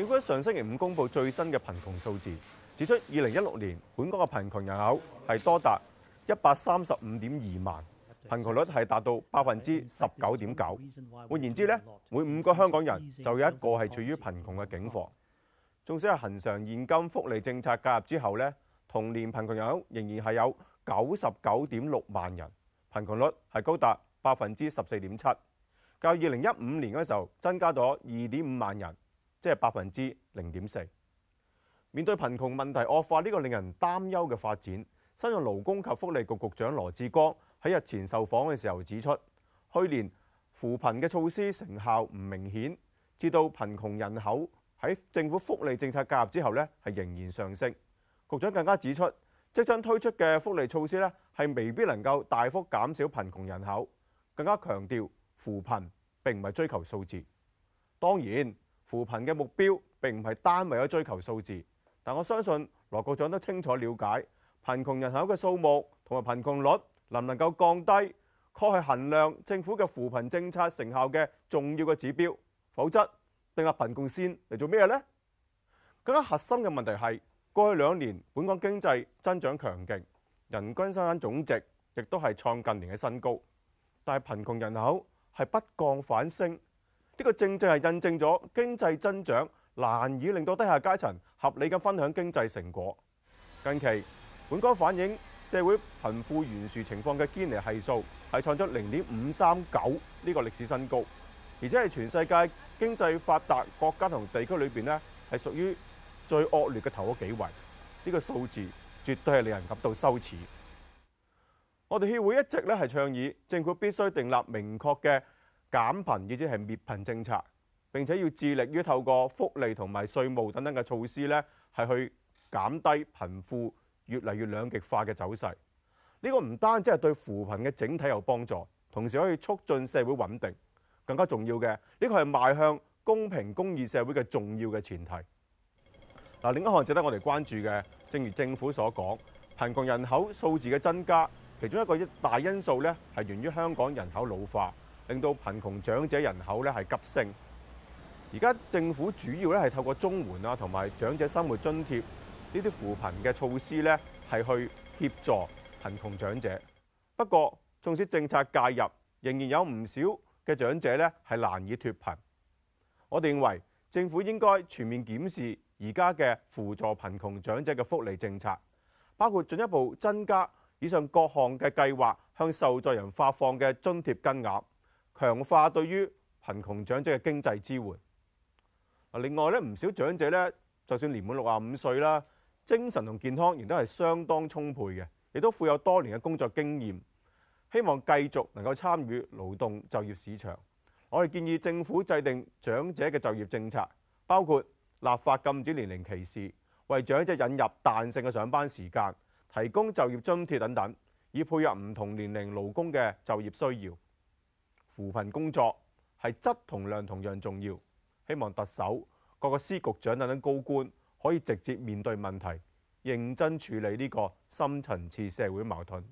英國上星期五公布最新嘅貧窮數字，指出2016年本港嘅貧窮人口係多達135.2萬，貧窮率係達到百分之19.9。換言之呢，每五個香港人就有一個係處於貧窮嘅境況。即使係恒常現金福利政策介入之後呢，同年貧窮人口仍然係有99.6萬人，貧窮率係高達百分之14.7，較2015年嗰時候增加咗2.5萬人。即係百分之零點四。面對貧窮問題惡化呢個令人擔憂嘅發展，新任勞工及福利局局長羅致光喺日前受訪嘅時候指出，去年扶貧嘅措施成效唔明顯，至到貧窮人口喺政府福利政策介入之後呢係仍然上升。局長更加指出，即將推出嘅福利措施呢係未必能夠大幅減少貧窮人口，更加強調扶貧並唔係追求數字。當然。扶貧嘅目標並唔係單為咗追求數字，但係我相信羅局長都清楚瞭解，貧窮人口嘅數目同埋貧窮率能唔能夠降低，確係衡量政府嘅扶貧政策成效嘅重要嘅指標。否則，定下貧窮線嚟做咩咧？更加核心嘅問題係，過去兩年本港經濟增長強勁，人均生產總值亦都係創近年嘅新高，但係貧窮人口係不降反升。呢個正正係印證咗經濟增長難以令到低下階層合理嘅分享經濟成果。近期本港反映社會貧富懸殊情況嘅堅尼系數係創出零點五三九呢個歷史新高，而且係全世界經濟發達國家同地區裏邊呢係屬於最惡劣嘅頭嗰幾位。呢個數字絕對係令人感到羞恥。我哋協會一直咧係倡議政府必須訂立明確嘅。減貧，亦即係滅貧政策。並且要致力於透過福利同埋稅務等等嘅措施呢，係去減低貧富越嚟越兩極化嘅走勢。呢個唔單止係對扶貧嘅整體有幫助，同時可以促進社會穩定。更加重要嘅，呢個係邁向公平公義社會嘅重要嘅前提。嗱，另一項值得我哋關注嘅，正如政府所講，貧窮人口數字嘅增加，其中一個大因素呢，係源於香港人口老化。令到貧窮長者人口咧係急升，而家政府主要咧係透過綜援啊，同埋長者生活津貼呢啲扶貧嘅措施呢，係去協助貧窮長者。不過，縱使政策介入，仍然有唔少嘅長者呢係難以脫貧。我哋認為政府應該全面檢視而家嘅輔助貧窮長者嘅福利政策，包括進一步增加以上各項嘅計劃向受助人發放嘅津貼金額。強化對於貧窮長者嘅經濟支援。另外咧，唔少長者咧，就算年滿六十五歲啦，精神同健康亦都係相當充沛嘅，亦都富有多年嘅工作經驗，希望繼續能夠參與勞動就業市場。我哋建議政府制定長者嘅就業政策，包括立法禁止年齡歧視，為長者引入彈性嘅上班時間，提供就業津貼等等，以配合唔同年齡勞工嘅就業需要。扶貧工作係質同量同樣重要，希望特首、各個司局長等等高官可以直接面對問題，認真處理呢個深層次社會矛盾。